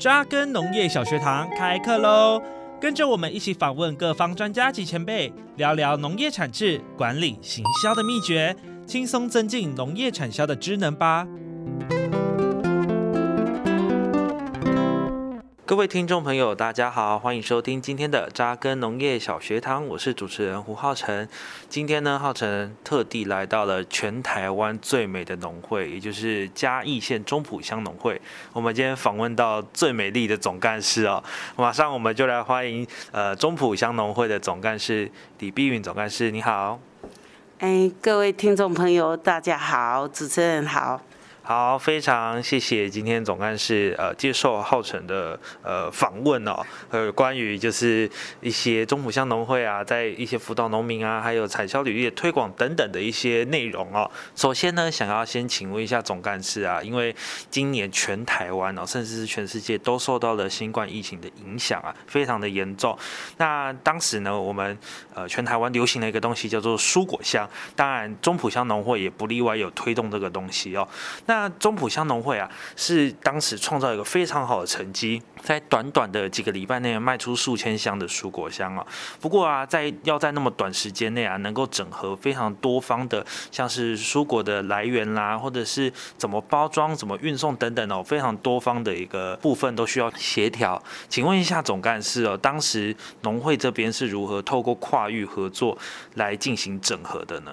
扎根農業小學堂開課嘍！跟着我們一起訪問各方專家及前輩，聊聊農業產制、管理、行銷的秘訣，輕鬆增進農業產銷的職能吧。各位聽眾朋友，大家好，歡迎收聽今天的扎根農業小學堂，我是主持人胡浩成。今天呢，浩成特地來到了全台灣最美的農會，也就是嘉義縣中埔鄉農會。我們今天訪問到最美麗的總幹事哦、喔，馬上我們就來歡迎呃中埔鄉農會的總幹事李碧雲總幹事，你好。哎、欸，各位聽眾朋友，大家好，主持人好。好，非常謝謝今天總幹事呃接受浩晨的呃訪問哦，呃關於就是一些中埔鄉農會啊，在一些輔導農民啊，還有產銷履歷推廣等等的一些內容哦。首先呢，想要先請問一下總幹事啊，因為今年全台灣哦，甚至是全世界都受到了新冠疫情的影響啊，非常的嚴重。那當時呢，我們呃全台灣流行的一個東西叫做蔬果箱，當然中埔鄉農會也不例外，有推動這個東西哦。那那中埔鄉農會啊，是當時創造一個非常好的成績，在短短的幾個禮拜內賣出數千箱的蔬果箱啊。不過啊，在要在那麼短時間內啊，能夠整合非常多方的，像是蔬果的來源啦、啊，或者是怎麼包裝、怎麼運送等等哦、啊，非常多方的一個部分都需要協調。請問一下總幹事哦，當時農會這邊是如何透過跨域合作來進行整合的呢？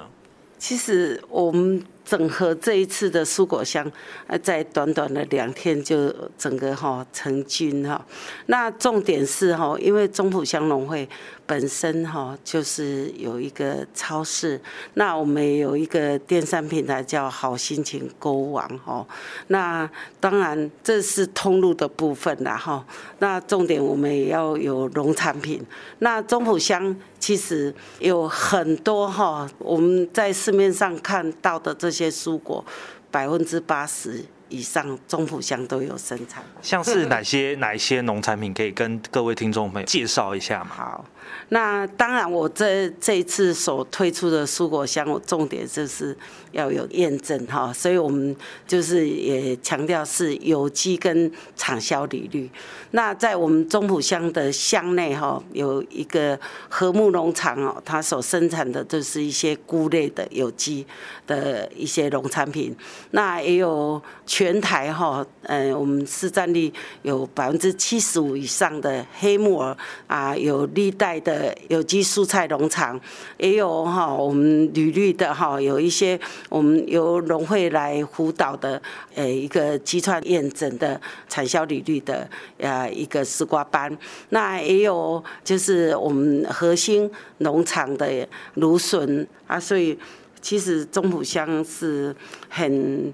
其實我們整合這一次的蔬果箱，呃，在短短的兩天就整個哈成軍哈。那重點是哈，因為中埔鄉農會。本身哈就是有一個超市，那我們有一個電商平台叫好心情購物網哈。那當然這是通路的部分了哈。那重點我們也要有農產品。那中埔鄉其實有很多哈，我們在市面上看到的這些蔬果，百分之八十以上中埔鄉都有生產。像是哪些、哪一些農產品可以跟各位聽眾朋友介紹一下嗎？好。那當然，我這這一次所推出的蔬果箱，我重點就是要有驗證哈，所以我們就是也強調是有機跟產銷履歷。那在我們中埔鄉的鄉內哈，有一個和睦農場哦，它所生產的就是一些菇類的有機的一些農產品。那也有全台哈，嗯，我們市占率有百分之七十五以上的黑木耳啊，有歷代。的有機蔬菜農場，也有哈我們履歷的哈，有一些我們由農會來輔導的，呃一個集團驗證的產銷履歷的啊一個絲瓜班，那也有就是我們核心農場的蘆筍啊，所以其實中埔鄉是很。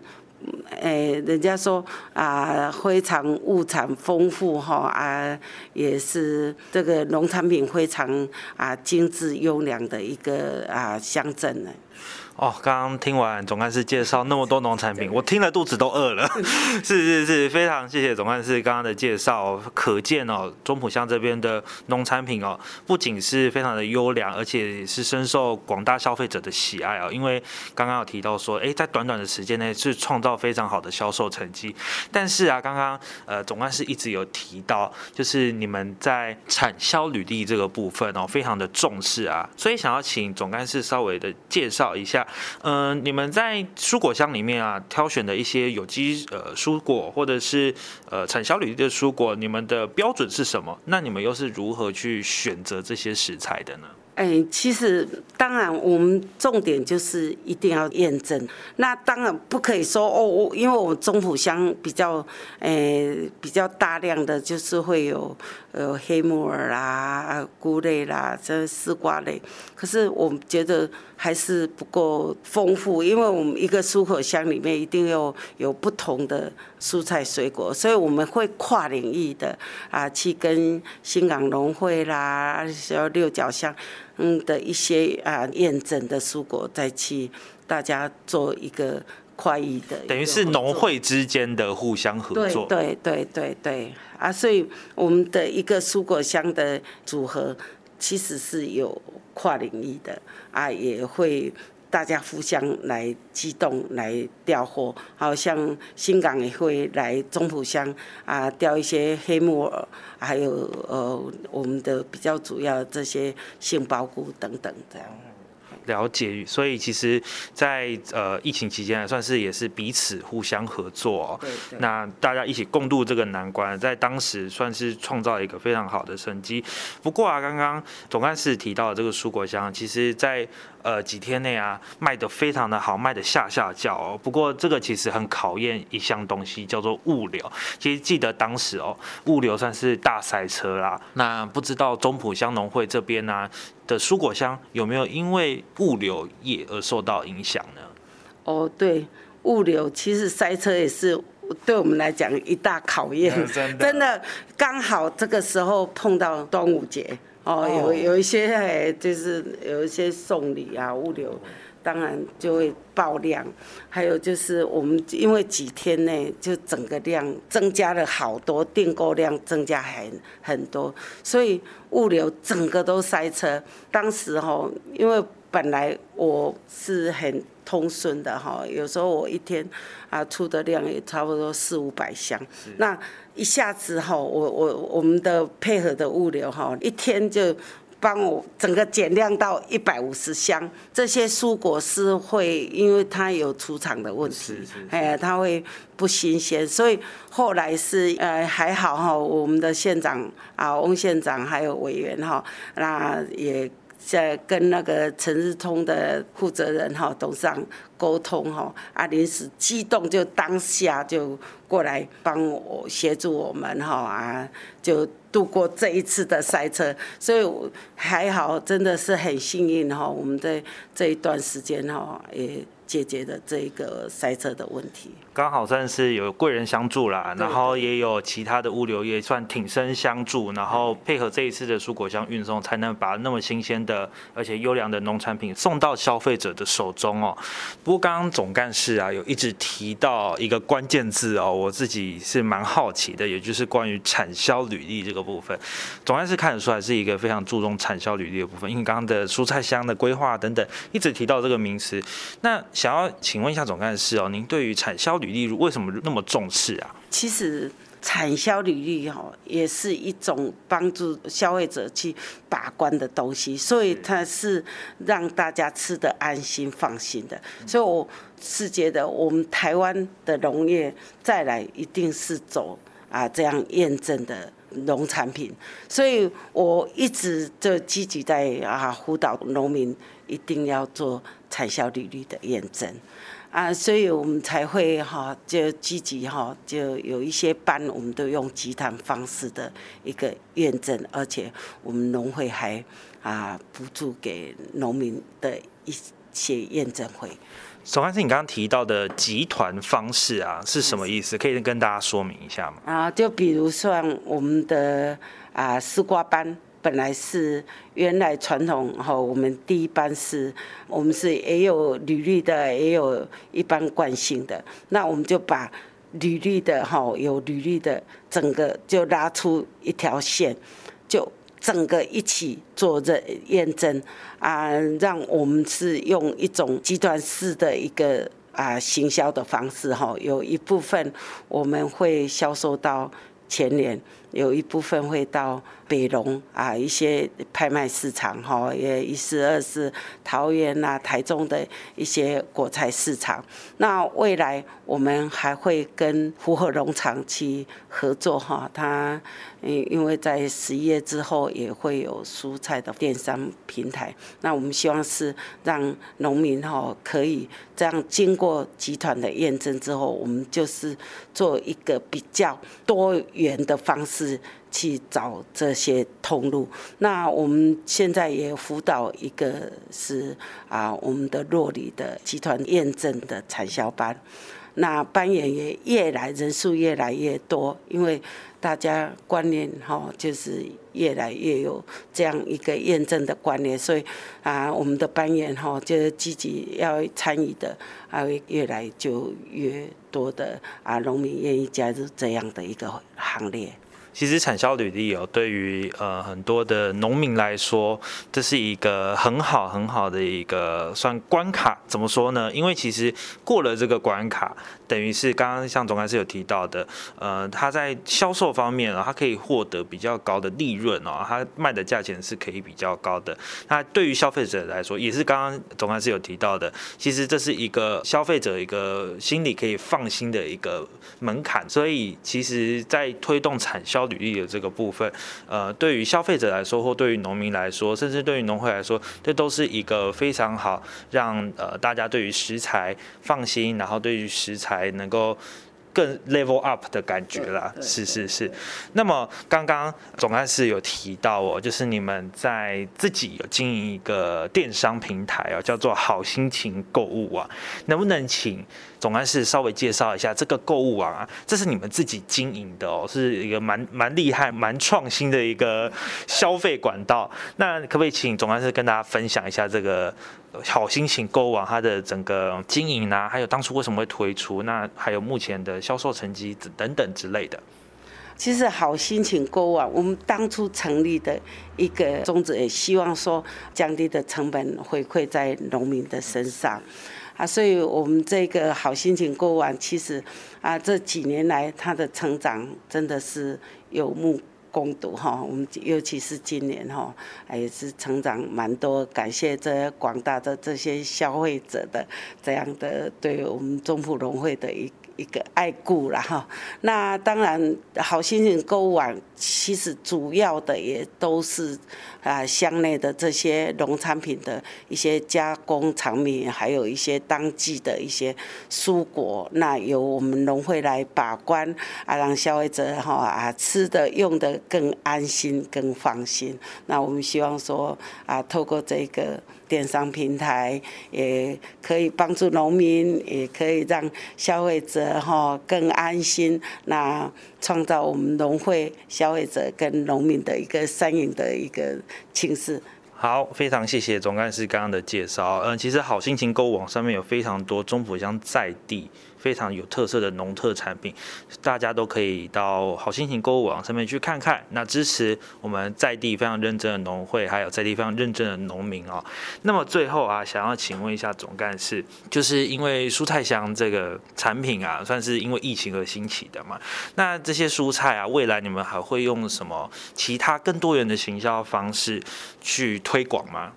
哎，人家說啊，非常物產豐富哈啊，也是這個農產品非常啊精緻優良的一個啊鄉鎮呢。哦，剛剛聽完總幹事介紹那麼多農產品，我聽了肚子都餓了。 是是是，非常謝謝總幹事剛剛的介紹，可見哦中埔鄉這邊的農產品哦，不僅是非常的優良，而且也是深受廣大消費者的喜愛啊、哦。因為剛剛有提到說，哎、欸，在短短的時間內是創造。非常好的銷售成績，但是啊，剛剛呃總幹事一直有提到，就是你們在產銷履歷這個部分哦，非常的重視啊，所以想要請總幹事稍微的介紹一下，嗯、呃，你們在蔬果箱裡面啊挑選的一些有機呃蔬果，或者是呃產銷履歷的蔬果，你們的標準是什麼？那你們又是如何去選擇這些食材的呢？哎、欸，其實當然，我們重點就是一定要驗證。那當然不可以說哦，因為我們中埔鄉比較，哎、欸，比較大量的就是會有，呃，黑木耳啦、菇類啦、這絲瓜類。可是我們覺得還是不夠豐富，因為我們一個蔬果箱裡面一定要有，有不同的。蔬菜水果，所以我們會跨領域的啊，去跟新港農會啦，還有六腳鄉嗯的一些啊驗證的蔬果，再去大家做一個跨域的，等於是農會之間的互相合作。對對對對，對啊，所以我們的一個蔬果箱的組合其實是有跨領域的啊，也會。大家互相來機動來調貨，好像新港也會來中埔鄉啊調一些黑木耳，還有呃我們的比較主要的這些杏鮑菇等等這樣。了解，所以其實在，在呃疫情期間，算是也是彼此互相合作、喔、對，對，對那大家一起共度這個難關，在當時算是創造一個非常好的成績。不過啊，剛剛總幹事提到這個蔬果箱，其實，在呃，幾天內啊，賣得非常的好，賣得嚇嚇叫哦。不過這個其實很考驗一項東西，叫做物流。其實記得當時哦，物流算是大塞車啦。那不知道中埔鄉農會這邊呢、啊、的蔬果箱有沒有因為物流業而受到影響呢？哦，對，物流其實塞車也是對我們來講一大考驗，真的，剛好這個時候碰到端午節。哦，有有一些，欸，就是有一些送禮啊，物流當然就會爆量，還有就是我們因為幾天呢，就整個量增加了好多，訂購量增加很很多，所以物流整個都塞車。當時候，因為本來我是很。通順的哈，有時候我一天啊出的量也差不多四五百箱，那一下子哈，我我我，我們的配合的物流哈，一天就幫我整個減量到一百五十箱。這些蔬果是會，因為它有出廠的問題，哎，它會不新鮮，所以後來是呃還好哈，我們的縣長啊翁縣長還有委員哈，那也。在跟那個陳日通的負責人哈董事長溝通哈，臨時機動就當下就過來幫我協助我們哈啊，就度過這一次的災情，所以還好真的是很幸運哈，我們在這一段時間哈也。解決的這一個塞車的問題，剛好算是有貴人相助啦，然後也有其他的物流也算挺身相助，然後配合這一次的蔬果箱運送，才能把那麼新鮮的而且優良的農產品送到消費者的手中哦。不過剛剛總幹事啊有一直提到一個關鍵字哦，我自己是蠻好奇的，也就是關於產銷履歷這個部分。總幹事看得出來是一個非常注重產銷履歷的部分，因為剛剛的蔬菜箱的規劃等等，一直提到這個名詞，那。想要請問一下總幹事哦，您對於產銷履歷為什麼那麼重視啊？其實產銷履歷哦，也是一種幫助消費者去把關的東西，所以它是讓大家吃得安心、放心的。所以我是覺得我們台灣的農業再來一定是走啊這樣驗證的農產品，所以我一直就積極在啊輔導農民一定要做。產銷履歷的驗證啊，所以我們才會哈、啊、就積極哈，就有一些班，我們都用集團方式的一個驗證，而且我們農會還啊補助給農民的一些驗證費。總幹事，你剛剛提到的集團方式啊，是什麼意思？可以跟大家說明一下嗎？啊，就比如算我們的啊絲瓜班。本來是原來傳統哈，我們第一班是我們是也有履歷的，也有一般慣性的，那我們就把履歷的哈，有履歷的整個就拉出一條線，就整個一起做認驗證啊，讓我們是用一種集團式的一個啊行銷的方式哈，有一部分我們會銷售到前年。有一部分會到北隆啊，一些拍賣市場，也一是二是桃園啊，台中的一些果菜市場。那未來我們還會跟福和農場去合作哈，他嗯，因為在十一月之後也會有蔬菜的電商平台。那我們希望是讓農民哈，可以這樣經過集團的驗證之後，我們就是做一個比較多元的方式。是去找這些通路。那我們現在也輔導一個，是啊，我們的洛里的集團驗證的產銷班。那班員也越來人數越來越多，因為大家觀念哈，就是越來越有這樣一個驗證的觀念，所以啊，我們的班員哈，就是積極要參與的啊，越來就越多的啊，農民願意加入這樣的一個行列。其實產銷履歷喔，對於呃很多的農民來說，這是一個很好很好的一個算關卡，怎麼說呢？因為其實過了這個關卡，等於是剛剛像總幹事有提到的，呃，他在銷售方面喔，他可以獲得比較高的利潤喔，他賣的價錢是可以比較高的。那對於消費者來說，也是剛剛總幹事有提到的，其實這是一個消費者一個心裡可以放心的一個門檻，所以其實，在推動產銷。履歷的這個部分，呃，對於消費者來說，或對於農民來說，甚至對於農會來說，這都是一個非常好讓呃大家對於食材放心，然後對於食材能夠更 level up 的感覺啦。對對對對，是是是。那麼剛剛總幹事有提到哦，就是你們在自己有經營一個電商平台哦，叫做好心情購物啊，能不能請？總幹事稍微介紹一下這個購物網啊，這是你們自己經營的哦，是一個蠻蠻厲害、蠻創新的一個消費管道。那可不可以請總幹事跟大家分享一下這個好心情購物網啊，它的整個經營呢啊？還有當初為什麼會推出，那還有目前的銷售成績等等之類的。其實好心情購物網啊，我們當初成立的一個宗旨也希望說，降低的成本回饋在農民的身上。所以，我們這個好心情過完，其實，啊，這幾年來他的成長真的是有目共睹哈。我們尤其是今年哈，也是成長蠻多，感謝這廣大的這些消費者的這樣的對我們中埔農會的一。一個愛顧了哈，那當然好心情購物網其實主要的也都是啊鄉內的這些農產品的一些加工產品，還有一些當季的一些蔬果，那由我們農會來把關，啊讓消費者哈啊吃的用的更安心更放心。那我們希望說啊透過這個。電商平台也可以幫助農民，也可以讓消費者哈更安心，那創造我們農會消費者跟農民的一個三贏的一個情勢。好，非常謝謝總幹事剛剛的介紹。嗯，其實好心情購物網上面有非常多中埔鄉在地。非常有特色的農特產品，大家都可以到好心情購物網上面去看看。那支持我們在地非常認真的農會，還有在地非常認真的農民哦、喔。那麼最後啊，想要請問一下總幹事，就是因為蔬菜箱這個產品啊，算是因為疫情而興起的嘛？那這些蔬菜啊，未來你們還會用什麼其他更多元的行銷方式去推廣嗎？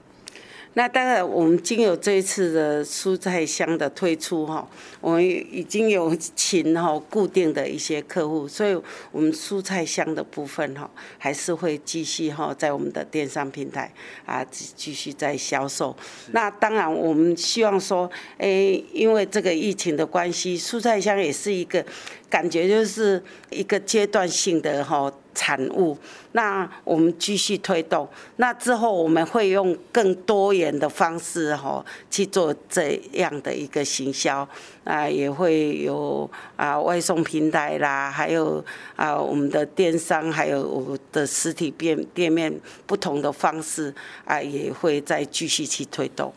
那當然，我們經由這一次的蔬菜箱的推出哈，我們已經有請哈固定的一些客戶，所以我們蔬菜箱的部分哈還是會繼續哈在我們的電商平台啊繼續在銷售。那當然，我們希望說，誒，因為這個疫情的關係，蔬菜箱也是一個感覺，就是一個階段性的哈。產物，那我們繼續推動。那之後我們會用更多元的方式哈、喔、去做這樣的一個行銷啊，也會有啊外送平台啦，還有啊我們的電商，還有我們的實體店店面，不同的方式啊，也會再繼續去推動。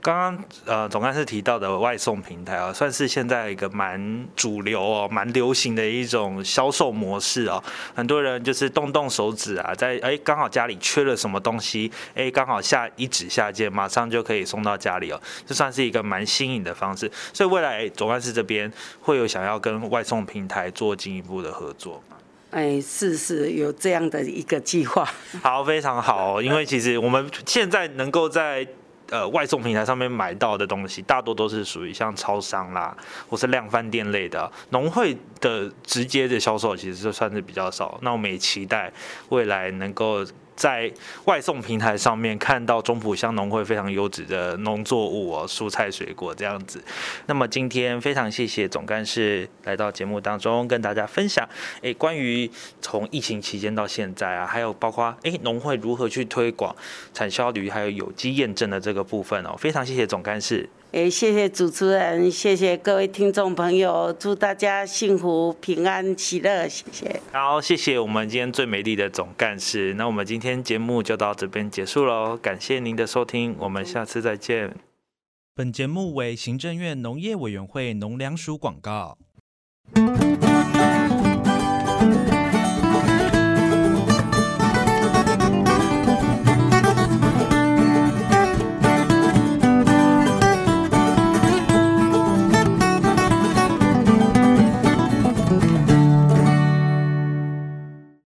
剛剛呃，總幹事提到的外送平台啊、哦，算是現在一個蠻主流哦、蠻流行的一種銷售模式哦。很多人就是動動手指啊，在哎、欸、剛好家裡缺了什麼東西，哎、欸、剛好下一指下鍵，馬上就可以送到家裡哦。這算是一個蠻新穎的方式。所以未來、欸、總幹事這邊會有想要跟外送平台做進一步的合作嗎？哎、欸，是是，有這樣的一個計劃。好，非常好哦，因為其實我們現在能夠在。呃，外送平台上面買到的東西，大多都是屬於像超商啦，或是量販店類的。農會的直接的銷售，其實就算是比較少。那我們也期待未來能夠。在外送平台上面看到中埔鄉農會非常優質的農作物哦，蔬菜水果這樣子。那麼今天非常謝謝總幹事來到節目當中跟大家分享，誒、欸，關於從疫情期間到現在啊，還有包括誒農、欸、會如何去推廣產銷履歷，還有有機驗證的這個部分哦，非常謝謝總幹事。欸，謝謝主持人，謝謝各位聽眾朋友，祝大家幸福、平安、喜樂，謝謝。好，謝謝我們今天最美麗的總幹事。那我們今天節目就到這邊結束嘍，感謝您的收聽，我們下次再見。嗯。本節目為行政院農業委員會農糧署廣告。